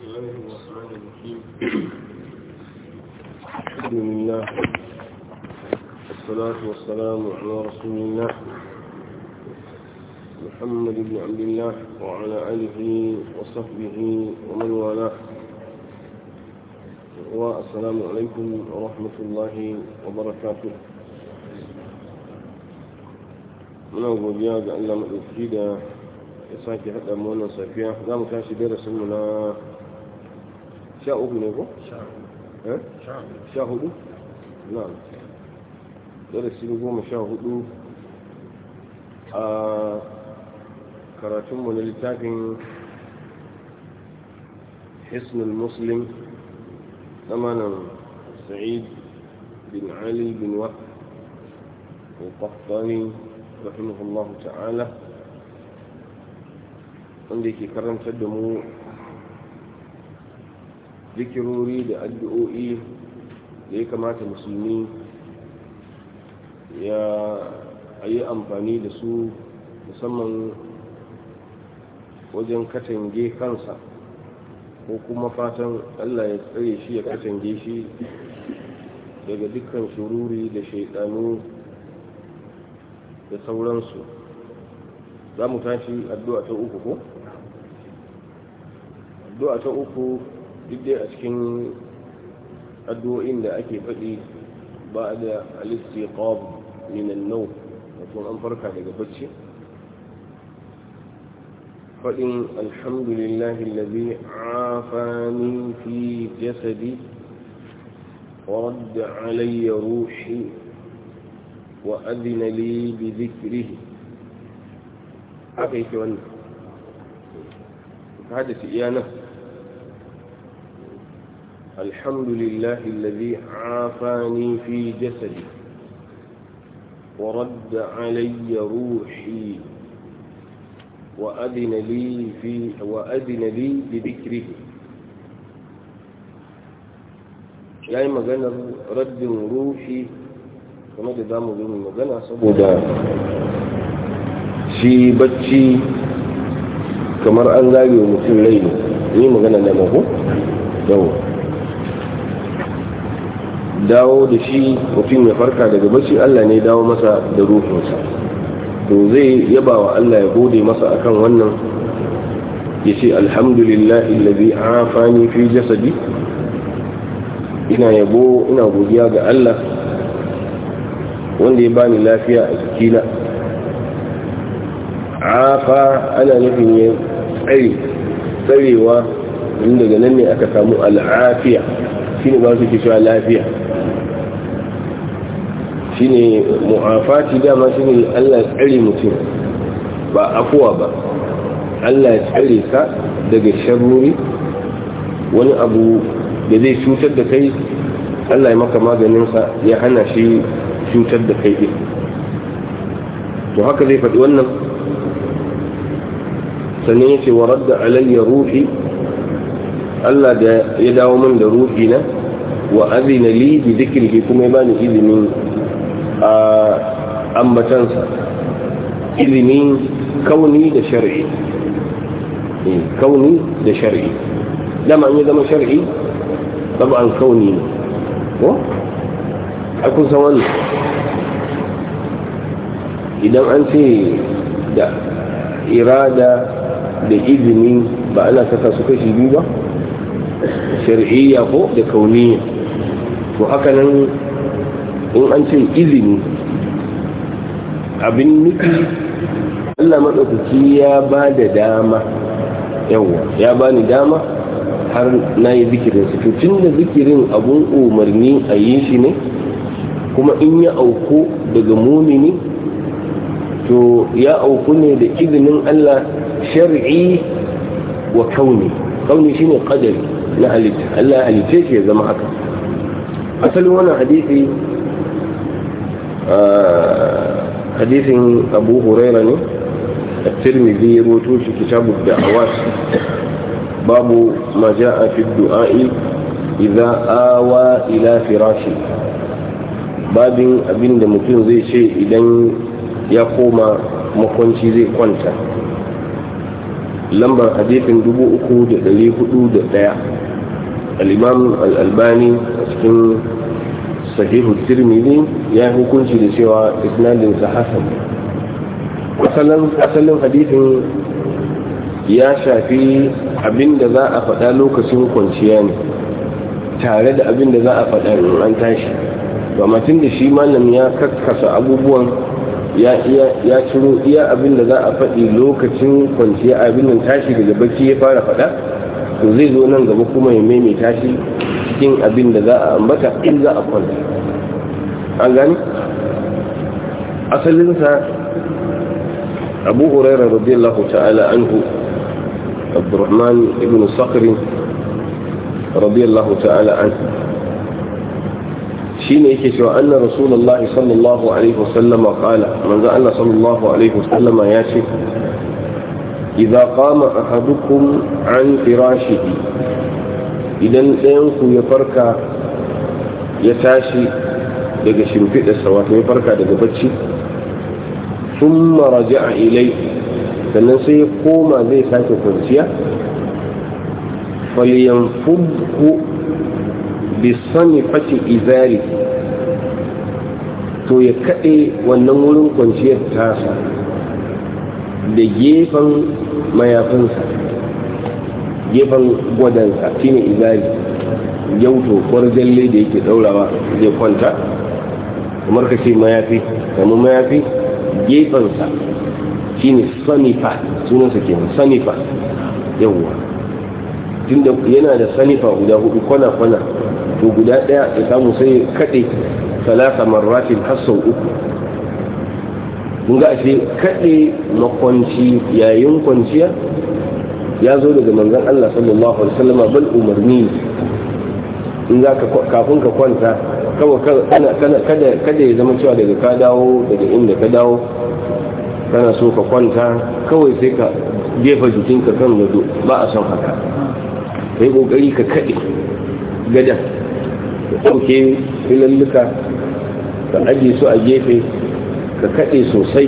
بسم الله الحمد لله والصلاة والسلام على رسول الله محمد بن عبد الله وعلى آله وصحبه ومن والاه والسلام عليكم ورحمة الله وبركاته من أول بياد أن لم أفيد يساكي حتى مونا صيفية دام كاشي درس منا شاهد نعم شاهد نعم درس نقوم شاهد كراتم من آه، التاكين حسن المسلم أمانا سعيد بن علي بن وقت وطفاني رحمه الله تعالى عندي كرم تدمو zikirori da addu'o'i da ya kamata musulmi ya yi amfani da su musamman wajen katange kansa ko kuma fatan allah ya tsare shi ya katange shi daga dukkan shururi da shaidanu da sauransu za mu tashi addu'a ta uku ko? addu'a ta uku duk dai a cikin addu'o'in da ake faɗi ba da alisti istiqab minan nau nawm wato an farka daga bacci فإن الحمد لله الذي عافاني في جسدي ورد علي روحي وأذن لي بذكره أخيك وأنت هذا سئيانه الحمد لله الذي عافاني في جسدي ورد علي روحي وأذن لي في وأذن لي بذكره يعني ما قلنا رد روحي وما قدام ظلم ما قلنا صبودا في بتشي كمرأة لا يوم في الليل يعني ما قلنا dawo da shi mutum ya farka daga bacci Allah ne dawo masa da ruhunsa to zai yaba wa Allah ya gode masa akan wannan ya ce alhamdulillah illazi afani fi jasadi ina yabo ina godiya ga Allah wanda ya bani lafiya a jikina afa ana nufin ya tsare tsarewa inda daga nan ne aka samu al'afiya shine ba su ke cewa lafiya shine mu'afati dama shine Allah tsare mutum ba afuwa ba Allah ya tsare ka daga sharruri wani abu da zai cutar da kai Allah ya maka maganinsa ya hana shi cutar da kai din to haka zai faɗi wannan sannan ya ce wa radda alayya ruhi Allah da ya dawo min da ruhi na wa azina li bi zikrihi kuma ya bani izinin a ambatansa ilimi kauni da shari'i eh, kauni da shari'i dama an yi zama shari'i an kauni ne ko? a kusa wannan idan an ce da irada da izini ba ana saka su kashi biyu ba shari'iyya ko da kauniya to haka nan in an ce izini abin nufi allah maɗaukaki ya ba da dama yawwa ya ba ni dama har na yi zikirin su tun da zikirin abun umarni a yi shi ne kuma in ya auku daga mumini to ya auku ne da izinin allah shar'i wa kauni kauni shine qadari na halitta allah halitta shi ya zama haka asalin wannan hadisi hadisin abu huraira ne a tirmidhi ya shi kitabu da awas babu ma a fi du'a'i idza awa ila firashi babin abin da mutum zai ce idan ya koma makwanci zai kwanta lambar hadisin 3401 al-imam al-albani a cikin sahihu tirmidhi ya yi hukunci da cewa isnadin sa hasan asalin asalin hadisin ya shafi abinda za a faɗa lokacin kwanciya ne tare da abinda za a faɗa in an tashi domin da shi malam ya kakkasa abubuwan ya ciro iya abinda za a faɗi lokacin kwanciya abin da tashi daga bacci ya fara faɗa to zai zo nan gaba kuma ya maimaita shi cikin abin da za a ambata in za a kwanta an gani asalinsa abu huraira radiyallahu ta'ala anhu abdurrahman ibn sakari radiyallahu ta'ala anhu shi ne yake cewa anna rasulallah sallallahu alaihi wasallama kala manzo Allah sallallahu alaihi wasallama ya ce idza qama ahadukum an firashihi idan ɗayanku ya farka ya tashi daga shimfiɗarsa wato ya farka daga bacci sun maraji a ilai sannan sai ya koma zai sake kwanciya faliyan bi bisani fati izari to ya kaɗe wannan wurin kwanciyar tasa da gefen mayafinsa gefen gwadansa ne izari yauto kwarjalle da yake daurawa zai kwanta kamar ka ce mayafi kamar mayafi gefensa shine sanifa sunansa ke sanifa yawwa tunda yana da sanifa guda hudu kwana-kwana to guda daya ya samu sai kaɗe salasa marratin har sau uku kun ga ashe kaɗe makwanci yayin kwanciya ya zo daga manzon Allah sallallahu alaihi wasallam bal umarni in za ka kafin ka kwanta kada kada ya zama cewa daga ka dawo daga inda ka dawo kana so ka kwanta kawai sai ka jefa jikinka kan gado ba a son haka ka yi kokari ka kaɗe gada, ka ɗauke filalluka ka ajiye su a gefe ka kaɗe sosai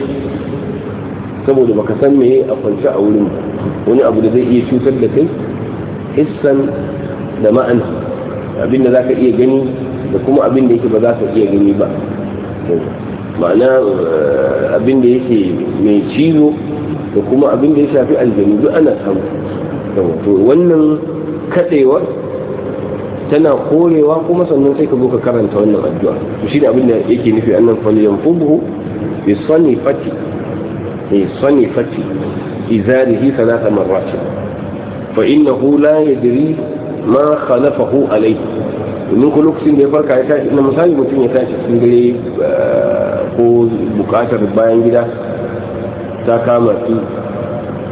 saboda baka san me a kwance a wurin ba wani abu da zai iya cutar da kai hissan da ma'an abin da za ka iya gani da kuma abin da yake ba za ka iya gani ba ma'ana eh, abin da yake mai cizo da kuma abin da ya shafi aljanu duk ana samu to wannan kadewa tana korewa kuma sannan sai ka zo ka karanta wannan addu'a to shine abin da yake nufi annan falyan fubu bi sanifati صنفت إزاره ثلاث مرات فإنه لا يدري ما خلفه عليه من كل lokacin da ya farka ya tashi mutum ya tashi cikin ko bukatar bayan gida ta kama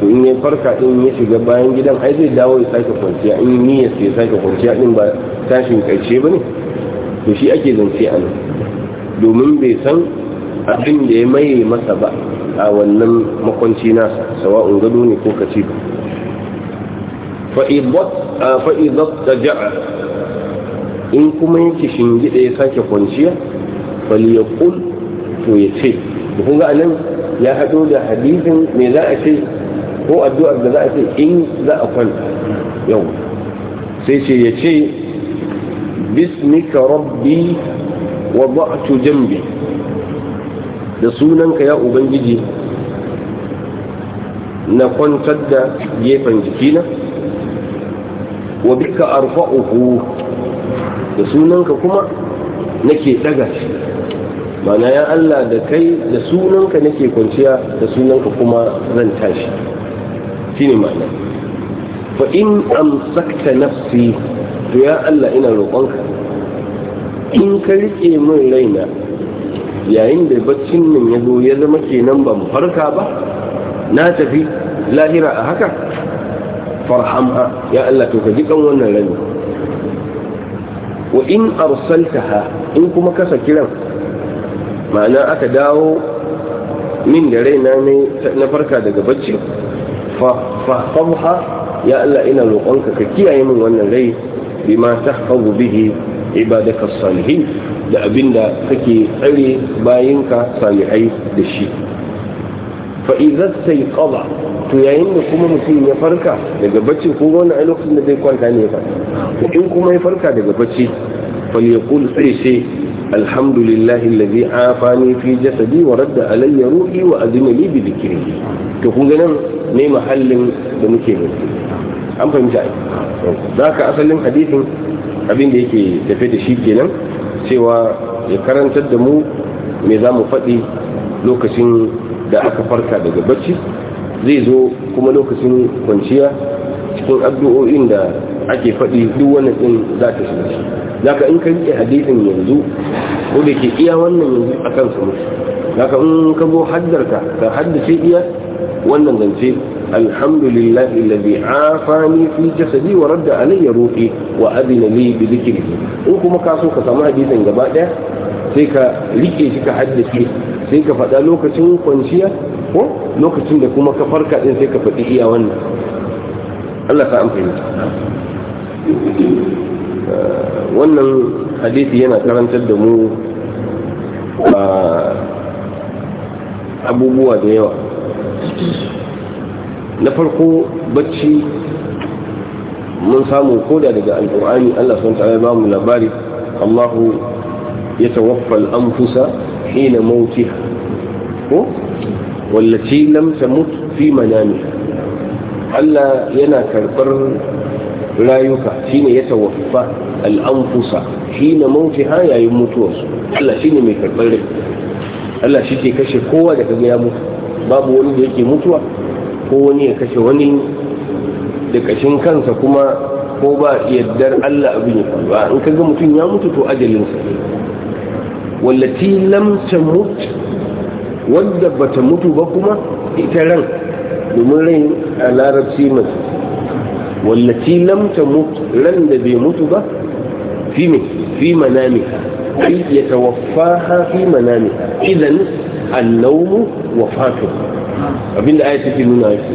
su in farka din ya shiga bayan gidan ai zai dawo ya sake kwanciya in niyyar ya sake kwanciya din ba tashin karshe ba ne to shi ake zance a nan domin bai san abin da ya maye masa ba a wannan makwanci nasa sawa'un gado ne ko katifa fa'idat ta ja'a in kuma yake shingida ya sake kwanciya falyakul to ya ce kun ga nan ya haɗo da hadisin me za a ce ko addu'ar da za a ce in za a kwanta yau sai ce ya ce bismika rabbi wa ba'tu jambi da sunanka ya ubangiji na kwantar da gefen jikina wa bika uku? da sunanka kuma nake daga shi mana ya Allah da kai da sunanka nake kwanciya da sunanka kuma zan tashi ne ma'ana fa in amsakta nafsi to ya Allah ina roƙonka in ka rike min raina yayin da baccin nan ya zo ya zama kenan ban farka ba na tafi lahira a haka farhamha ya Allah to ka ji kan wannan rani wa in arsaltaha in kuma kasa kiran ma'ana aka dawo min da raina ne na farka daga bacci fahfamha ya Allah ina roƙonka ka kiyaye min wannan rai bima tahfazu bihi ibadaka salihin da abin da kake tsare bayinka sami'ai da shi fa'izar sai ƙaba to yayin da kuma mutum ya farka daga bacci ko wani a lokacin da zai kwanta ne ba in kuma ya farka daga bacci falyakul sai sai alhamdulillahi allazi afani fi jasadi wa radda alayya ruhi wa azina li bi dhikri to kun ganin ne mahallin da muke ne an fahimta za ka asalin hadisin abin da yake tafe da shi kenan cewa ya karantar da mu me za mu faɗi lokacin da aka farka daga bacci zai zo kuma lokacin kwanciya cikin addu'o'in da ake faɗi duk wannan ɗin za ta shiga shi za ka in ka riƙe hadisin yanzu ko da ke iya wannan yanzu a kan su mutu za ka in ka zo haddarka ka haddace iya wannan zance alhamdulillah alladhi afani fi jasadi wa radda alayya ruhi wa adina li bi in kuma ka so ka samu hadisin gaba ɗaya sai ka rike shi ka haddace sai ka faɗa lokacin kwanciya ko lokacin da kuma ka farka ɗin sai ka faɗi iya wannan Allah ta amfani wannan hadisi yana karantar da mu abubuwa da yawa na farko bacci mun samu koda daga Alƙur'ani. Allah sun ta'ala ba mu labari Allahu ya tawaffa al-anfusa hina mautiha ko wallaci lam tamut fi manami Allah yana karbar rayuka shine ya tawaffa al-anfusa hina mautiha yayin mutuwarsu Allah shine mai karbar rai Allah shi ke kashe kowa daga kaga ya mutu babu wani da yake mutuwa ko wani ya kashe wani da kashin kansa kuma ko ba yaddar Allah abin ya faru ba in ka ga mutum ya mutu to ajalin sa wallati lam tamut wadda bata mutu ba kuma ita ran domin rai a larabci mace wallati lam tamut ran da bai mutu ba fi me fi manamika ai ya ha fi manamika idan wa fatu, abinda ayat take nuna yake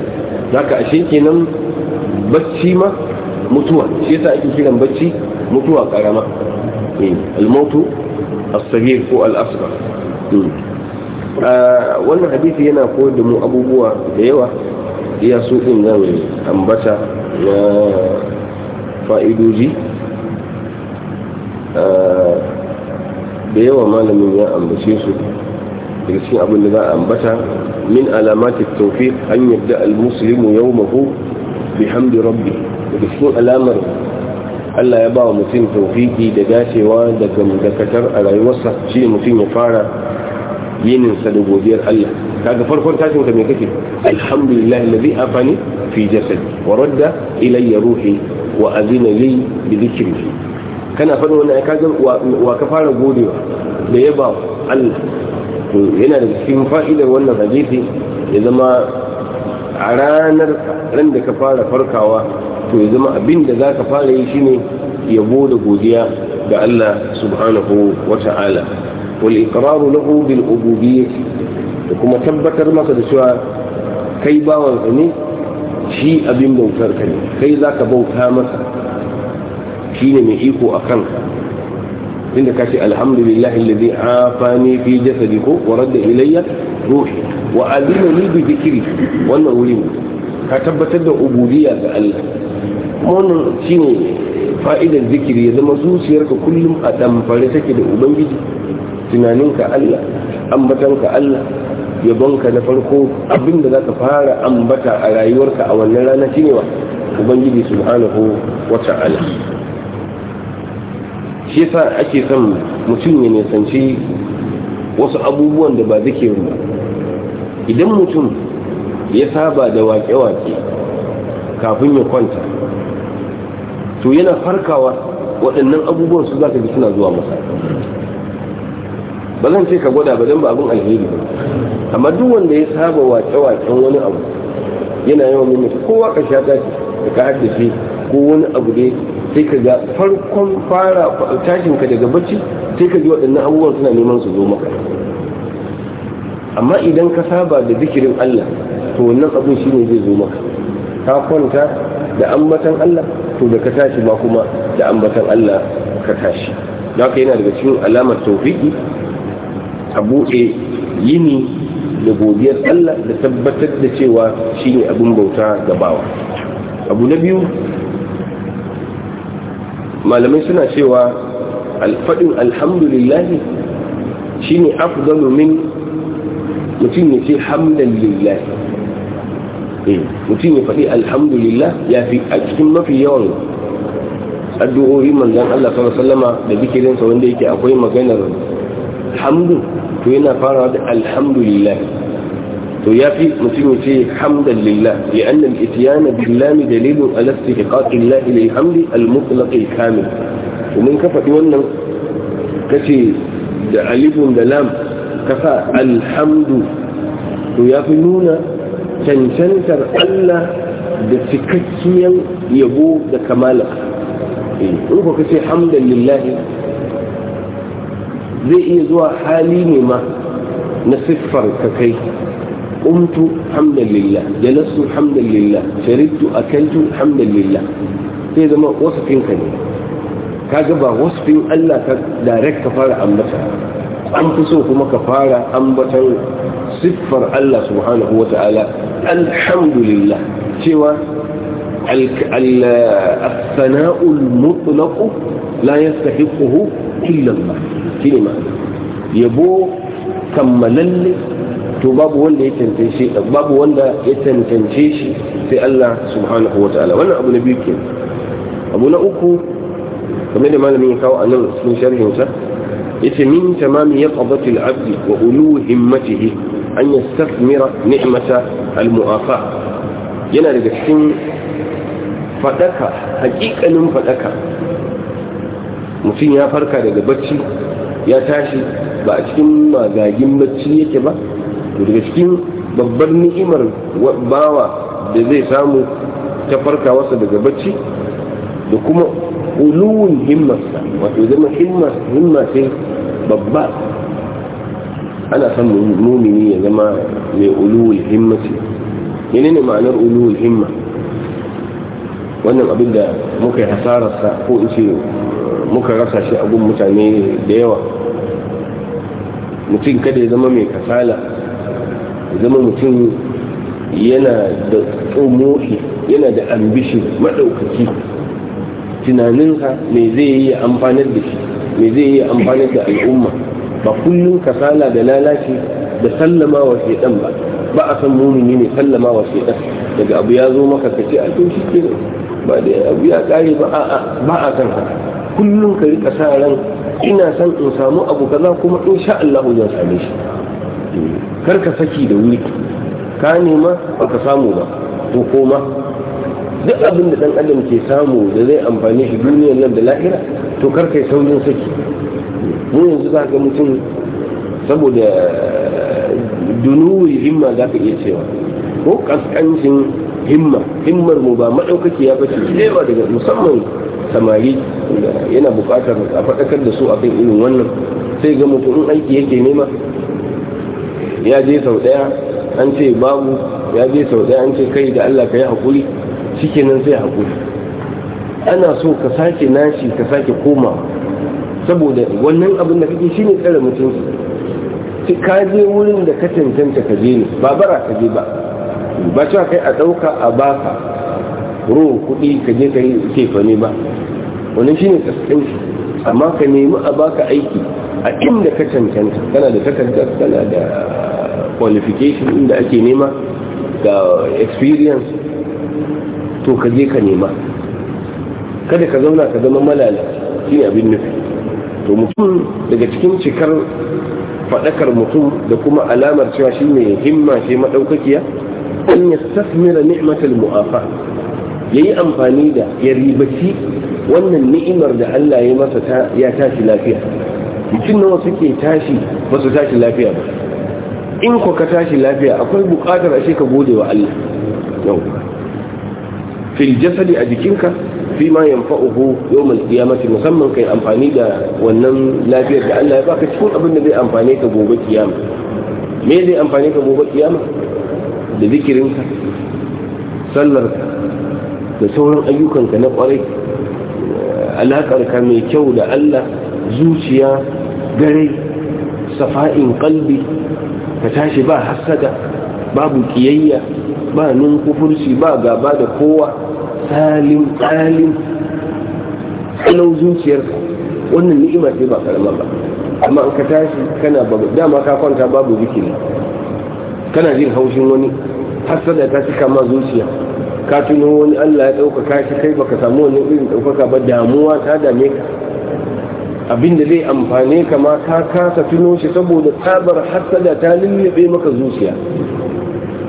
zaka ashe kenan bacci ma mutuwa shi yasa ake kiran bacci mutuwa karama eh, al-mautu as-saghir ko al-asghar hmm. ah, wannan hadisi yana koyar da mu abubuwa da yawa iya su din zan ambata na fa'idoji ah, da yawa malamin ya ambace su daga cikin abin da za a ambata min alamatik tawfiq an da al yau yawmahu bihamdi rabbi daga cikin alamar Allah ya ba wa mutum taufiki da dacewa daga dakatar a rayuwarsa shi mutum ya fara yininsa da godiyar Allah kaga farkon tashin ka mai kake alhamdulillah alladhi afani fi jasadi wa radda ilayya ruhi wa azina li bi dhikri kana fadin wannan kaga wa ka fara godewa da yaba Allah yana da cikin fa'idar wannan hadisi ya zama a ranar ran da ka fara farkawa to ya zama abin da za ka fara yi shine yabo da godiya ga Allah subhanahu wa ta'ala wal iqraru lahu bil ubudiyyah da kuma tabbatar masa da cewa kai bawansa ne shi abin bautar ka ne kai za ka bauta masa shi ne mai iko a kanka inda ka ce alhamdulillahi alladhi afani fi jasadi ko wa radda ilayya ruhi wa ni bi zikri wannan wuri ka tabbatar da ubudiyya ga Allah wannan shine fa'idar zikiri ya zama zuciyarka kullum a damfare take da ubangiji tunaninka Allah ambatanka Allah yabonka na farko abinda zaka fara ambata a rayuwarka a wannan rana shine wa ubangiji subhanahu wa ta'ala shi yasa ake son mutum ya nisanci wasu abubuwan da ba zikirin ba idan mutum ya saba da wake-wake kafin ya kwanta to yana farkawa waɗannan abubuwan su za ka bi suna zuwa masa ba zan ce ka gwada ba don ba abin alheri ba amma duk wanda ya saba wake-waken wani abu yana yawan mimita kowa ka sha tashi da ka haddace ko wani abu da sai ka ga farkon fara tashinka daga bacci sai ka ji waɗannan abubuwan suna neman su zo maka amma idan ka saba da zikirin Allah to wannan abin shine zai zo maka ka kwanta da ambatan Allah to da ka tashi ba kuma da ambatan Allah ka tashi don haka yana daga cikin alamar tawfiki a buɗe yini da godiyar Allah da tabbatar da cewa shine abin bauta ga bawa abu na biyu malamai suna cewa alfadin alhamdulillahi shine afdalu min mutum ya ce hamdan lillah eh, mutum ya faɗi alhamdulillah ya fi a cikin mafi yawan addu'o'i manzan Allah sallama da bikirinsa wanda yake akwai maganar hamdu to yana fara da alhamdulillah to ya fi mutum ya ce hamdan lillah ya annal itiyana billahi dalilun ala istiqaqi llahi lil hamdi al kamil to mun ka faɗi wannan kace da alifun da lam kasa alhamdu to ya fi nuna cancantar Allah da cikakkiyar yabo da kamala eh, in ko kace hamdan lillahi zai iya zuwa hali ne ma na siffar ka kai قمت حمدا لله جلست حمدا لله شربت أكلت حمدا sai zama wasafin ne ka gaba wasafin Allah ka direct ka fara ambata an fi so kuma ka fara ambatan siffar Allah subhanahu wa ta'ala alhamdulillah cewa al-sana'ul mutlaq la yastahiquhu illa Allah shine ma'ana yabo kammalalle to babu wanda ya tantance shi babu wanda ya tantance shi sai Allah subhanahu wa ta'ala wannan abu na biyu ke abu na uku kamar da malamin ya kawo a nan cikin sharhinsa yace min tamami yaqdati al-abd wa ulu himmatihi an yastakmira ni'mata al-mu'afa yana daga cikin fadaka hakikanin fadaka mutum ya farka daga bacci ya tashi ba a cikin magagin bacci yake ba to daga cikin babbar ni'imar bawa da zai samu ta farka wasa daga bacci da kuma uluwun himmarsa wato zama himma sai babba ana san mumini ya zama mai uluwul himmati yana ne ma'anar uluwul himma wannan abin da muka yi hasararsa ko in ce muka rasa shi abin mutane da yawa mutum kada ya zama mai kasala zama mutum yana da tsomoki yana da ambishin maɗaukaki tunaninsa mai zai yi amfanar da shi me zai yi amfani da al'umma ba kullum kasala da lalaci da sallama wa shaidan ba ba a san mumini ne sallama wa shaidan daga abu ya zo maka ka ce a to shi ke ba da abu ya kare ba a ba a san haka kullum ka rika sa ran ina san in samu abu kaza kuma insha Allah zan same shi kar ka saki da wuri ka nema ba ka samu ba Ko koma duk abin da dan adam ke samu da zai amfani shi duniyar nan da lahira to karka yi saurin saki mu yanzu za ga mutum saboda dunuwi himma za ka iya cewa ko kaskancin himma himmar mu ba maɗaukaki ya bace cewa daga musamman samari yana buƙatar a faɗakar da su a kan irin wannan sai ga mutum aiki yake nema ya je sau ɗaya an ce babu ya je sau ɗaya an ce kai da allah ka yi haƙuri kenan sai haƙuri ana so ka sake nashi ka sake koma saboda wannan abin da kake shine tsare mutunci ka je wurin da ka cancanta ka je ne ba bara ka je ba ba cewa kai a ɗauka a baka ruwa kuɗi ka je ka yi kefa ne ba wannan shine kaskanci amma ka nemi a baka aiki a inda ka cancanta kana da takarda kana da qualification inda ake nema da experience to ka je ka nema kada ka zauna ka zama malala shi abin nufi to mutum daga cikin cikar faɗakar mutum da kuma alamar cewa shi mai himma ce maɗaukakiya an ya tasmira ni'matul mu'afa yayi amfani da ya ribaci wannan ni'imar da Allah ya masa ya tashi lafiya mutum nawa suke tashi ba su tashi lafiya ba in ko ka tashi lafiya akwai buƙatar ashe ka gode wa Allah yau fil jasadi a jikinka fi ma yanfa'uhu yawmal qiyamati musamman kai amfani da wannan lafiyar da Allah ya baka cikin abin da zai amfani ka gobe kiyama me zai amfani ka gobe kiyama da zikirinka sallarka da sauran ayyukanka na kwarai ka mai kyau da Allah zuciya gare safa'in kalbi ka tashi ba hasada babu kiyayya ba nunkufurci ba gaba da kowa salim salim kalau zuciyarsa wannan ni'ima ce ba karama ba amma an ka tashi kana babu dama ka kwanta babu zikiri kana jin haushin wani hasada ta cika ma zuciya ka tuno wani Allah ya ɗaukaka shi kai baka samu wani irin ɗaukaka ba damuwa ta dame ka abinda zai amfane ka ma ka kasa tuno shi saboda tsabar hasada ta lullube maka zuciya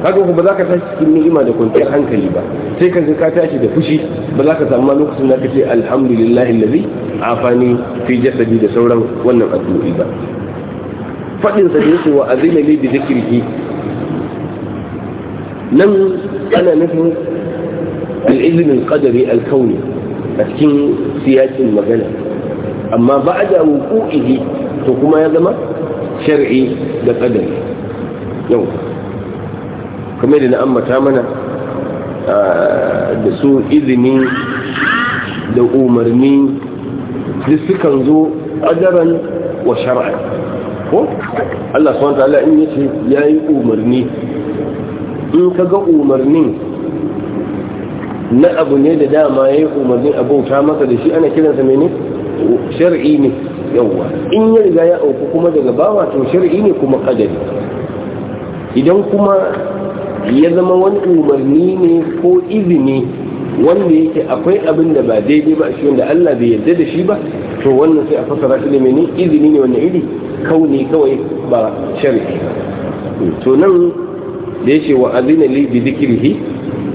kaga ba za ka tashi cikin ni'ima da kwanciyar hankali ba sai ka ka tashi da fushi ba za ka samu lokacin da ka ce alhamdulillahi allazi afani fi jasadi da sauran wannan addu'o'i ba fadin sa yake wa azina li bi dhikrihi nan ana nufin al-ilm al-qadari al-kawni a cikin siyasin magana amma ba ba'da wuqu'ihi to kuma ya zama shar'i da qadari yau kamar da na ambata mana da su izini da umarni duk sukan zo ajaran wa shar'a ko Allah subhanahu ta'ala in ya yayi umarni in kaga umarnin na abu ne da dama yayi umarnin abauta maka da shi ana kiransa mene shar'i ne yawa in ya riga ya auku kuma daga bawa to shar'i ne kuma qadari idan kuma ya zama wani umarni ne ko izini wanda yake akwai abin da ba daidai ba shi wanda Allah bai yarda da shi ba to wannan sai a fasara shi da mene izini ne wanda iri kauni kawai ba shar'i to nan da yace wa azina li bi dhikrihi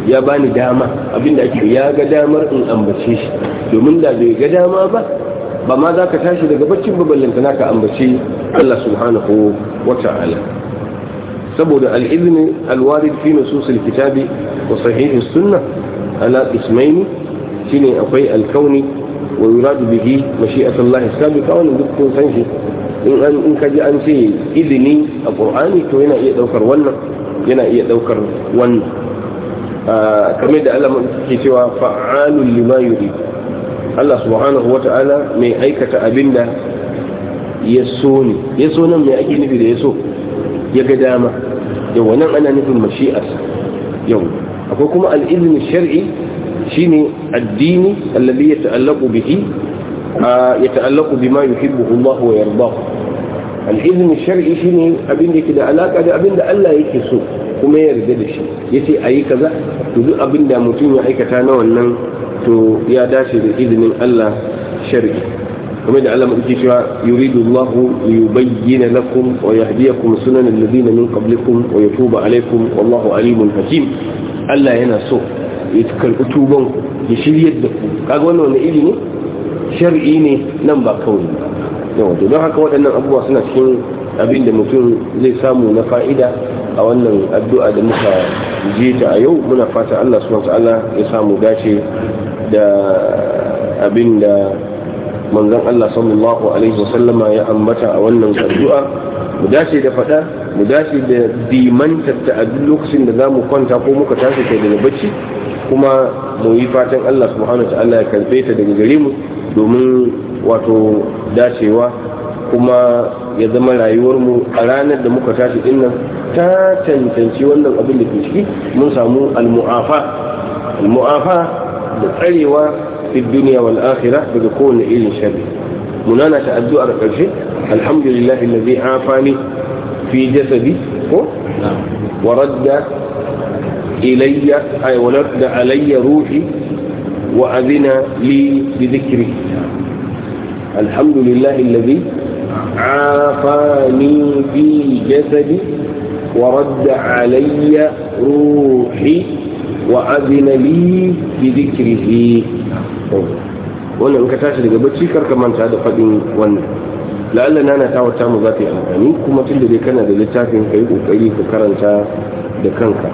ya bani dama abinda ake ya ga damar in ambace shi domin da bai ga dama ba ba ma za ka tashi daga baccin ballanta naka ambace Allah subhanahu wa ta'ala saboda al'izini alwarid fi nususul kitabi wa sahihi sunna ala ismaini shine akwai alkauni wa yuradu bihi mashi'atullahi sabiqa wannan duk kun san shi in an in kaji an ce izini a qur'ani to yana iya daukar wannan yana iya daukar wannan kamar da alama ke cewa fa'alul lima yurid Allah subhanahu ta'ala mai aikata abinda ya so ne ya so nan mai ake nufi da ya so ya ga dama yau wannan ana nufin mashi'arsa yau akwai kuma al'ilmi shar'i shine addini alladhi yata'allaqu bihi yata'allaqu bima yuhibbuhu Allah wa yardahu al'ilmi shar'i shine abin da yake da alaka da abin da Allah yake so kuma ya yarda da shi yace ayi kaza to duk abin da mutum ya aikata na wannan to ya dace da izinin Allah shar'i كما ان الله مكتشف يريد الله ليبين لكم ويهديكم سنن الذين من قبلكم ويتوب عليكم والله عليم حكيم allah yana so ya karbi tuban ya shiryar da ku kaga wannan wani ilimi. shar'i ne nan ba kawai don haka waɗannan abubuwa suna cikin abin da mutum zai samu na fa'ida a wannan addu'a da muka je ta a yau muna fata Allah subhanahu wa ta'ala ya samu dace da abin da manzon Allah sallallahu alaihi wasallama ya ambata a wannan addu'a mu dace da fada mu dace da dimantar ta a duk lokacin da zamu kwanta ko muka tashi kai daga bacci kuma mu yi fatan Allah subhanahu ta'ala ya karbe ta daga gare mu domin wato dacewa kuma ya zama rayuwar mu a ranar da muka tashi dinnan ta cancanci wannan abin da ke ciki mun samu al-mu'afa al-mu'afa da tsarewa في الدنيا والآخرة بدخول إلى شبه منانا تأدو أرقل شيء الحمد لله الذي عافاني في جسدي نعم. ورد إلي أي ورد علي روحي وأذن لي بذكري الحمد لله الذي عافاني في جسدي ورد علي روحي وأذن لي بذكره wannan in ka tashi daga bacci kar ka manta da faɗin wannan la'alla na ta wata mu za ta yi amfani kuma tun da dai kana da littafin ka yi ka karanta da kanka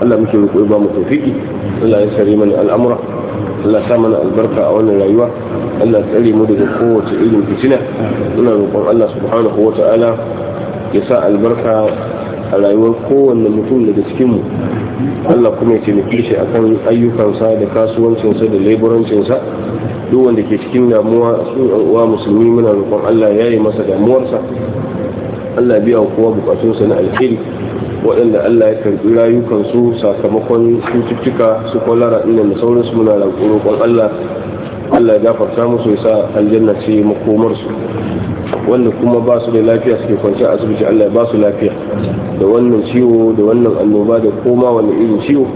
Allah muke roƙo ba mu tafiki Allah ya sare mana al'amura Allah sa mana albarka a wannan rayuwa Allah tsare mu daga kowace irin fitina ina roƙon Allah subhanahu wata'ala ya sa albarka a rayuwar kowanne mutum daga cikinmu Allah kuma ya taimake shi akan ayyukansa da kasuwancinsa da leburancinsa duk wanda ke cikin damuwa su uwa musulmi muna roƙon Allah ya yi masa damuwarsa Allah biya kowa bukatunsa na alheri waɗanda Allah ya karɓi rayukansu sakamakon cututtuka su kwalara inda da sauransu muna roƙon Allah Allah ya gafarta musu ya sa aljanna ce makomarsu wanda kuma ba su da lafiya suke kwanci a asibiti Allah ya ba su lafiya da wannan ciwo da wannan annoba da koma wani irin ciwo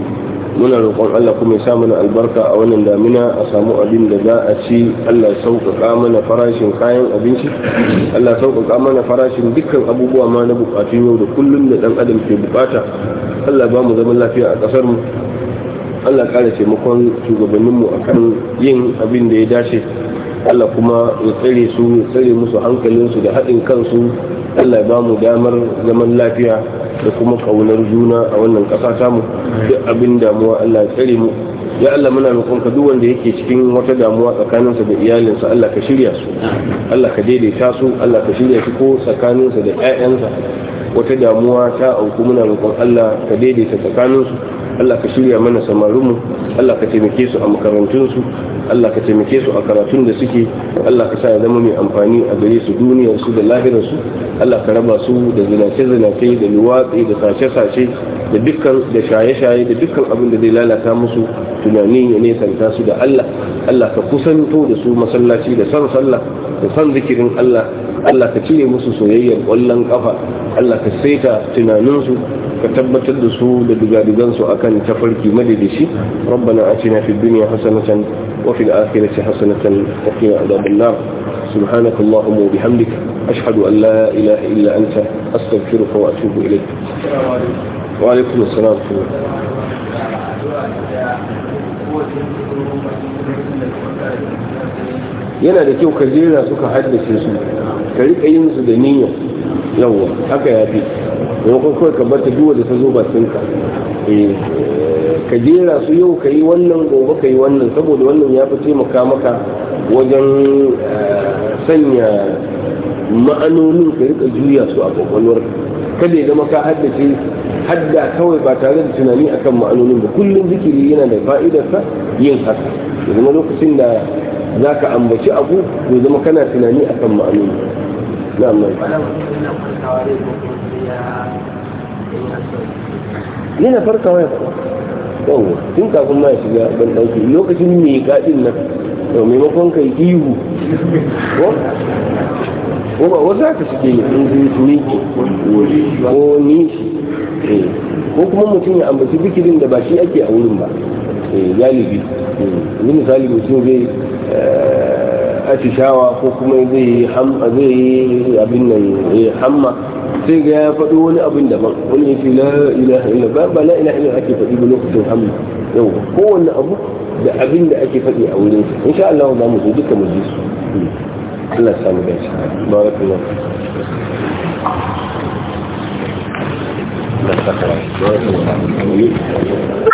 muna roƙon Allah kuma ya sa mana albarka a wannan damina a samu abin da za a ci Allah ya sauƙaƙa mana farashin kayan abinci Allah ya sauƙaƙa mana farashin dukkan abubuwa ma na buƙatu yau da kullum da ɗan adam ke buƙata Allah ba mu zaman lafiya a kasar mu Allah ƙara taimakon shugabanninmu akan yin abin da ya dace Allah kuma ya tsare su ya tsare musu hankalinsu da haɗin kansu Allah ya bamu damar zaman lafiya da kuma ƙaunar juna a wannan ƙasa tamu duk abin damuwa Allah ya tsare mu ya Allah muna roƙon ka duk wanda yake cikin wata damuwa tsakaninsa da iyalinsa Allah ka shirya su Allah ka daidaita su Allah ka shirya su ko tsakaninsa da ƴaƴansa wata damuwa ta auku muna roƙon Allah ka daidaita tsakaninsu Allah ka shirya mana samarinmu Allah ka taimake su a makarantunsu Allah ka taimake su a karatun da suke Allah ka sa ya zama mai amfani a gare su duniyar su da lahirar su Allah ka raba su da zinace zinace da luwatsi da sace sace da dukkan da shaye shaye da dukkan abin da zai lalata musu tunani ya nesanta su da Allah Allah ka kusanto da su masallaci da san sallah da san zikirin Allah Allah ka cire musu soyayyar ƙwallon kafa Allah ka saita tunaninsu ka tabbatar da su da dugadugansu akan tafarki madadashi rabbana atina fid dunya hasanatan وفي الآخرة حسنة وقنا عذاب النار سبحانك اللهم وبحمدك أشهد أن لا إله إلا أنت أستغفرك وأتوب إليك وعليكم السلام ورحمة yana da kyau ka jera suka haddace su ka riƙa yin su da niyya yawon haka ya fi maimakon kawai ka bar ta duwa da ta zo ba sun ka ka jera su yau ka yi wannan gobe ka yi wannan saboda wannan ya fi taimaka maka wajen eh, sanya ma'anonin ka rika juya su a kwakwalwar kada ya zama ka haddace hadda kawai ba tare da tunani akan ma'anonin ba kullum zikiri yana da fa'idarsa yin haka ya zama lokacin da za ka ambaci abu ya zama kana tunani akan ma'anoni na amma yana farkawa ya farka yawwa tun kafin ma ya shiga ban ɗauki lokacin mai gaɗin nan to maimakon kai ihu ko ko ba wasu haka shige ne in zai miki ko nishi eh, ko kuma mutum ya ambaci bikirin da ba shi ake a wurin ba ya eh, galibi yanzu hmm, misali mutum zai eh, atishawa ko kuma zai yi abin nan hamma sai ga ya faɗi wani abin daban wani ya ce la ilaha illa ba ba la ilaha illa ake faɗi ba lokacin hamdu yau kowanne abu da abin da ake faɗi a wurin sa insha Allah za mu zo duka mu ji su Allah samu da shi barakallahu Allah sakara barakallahu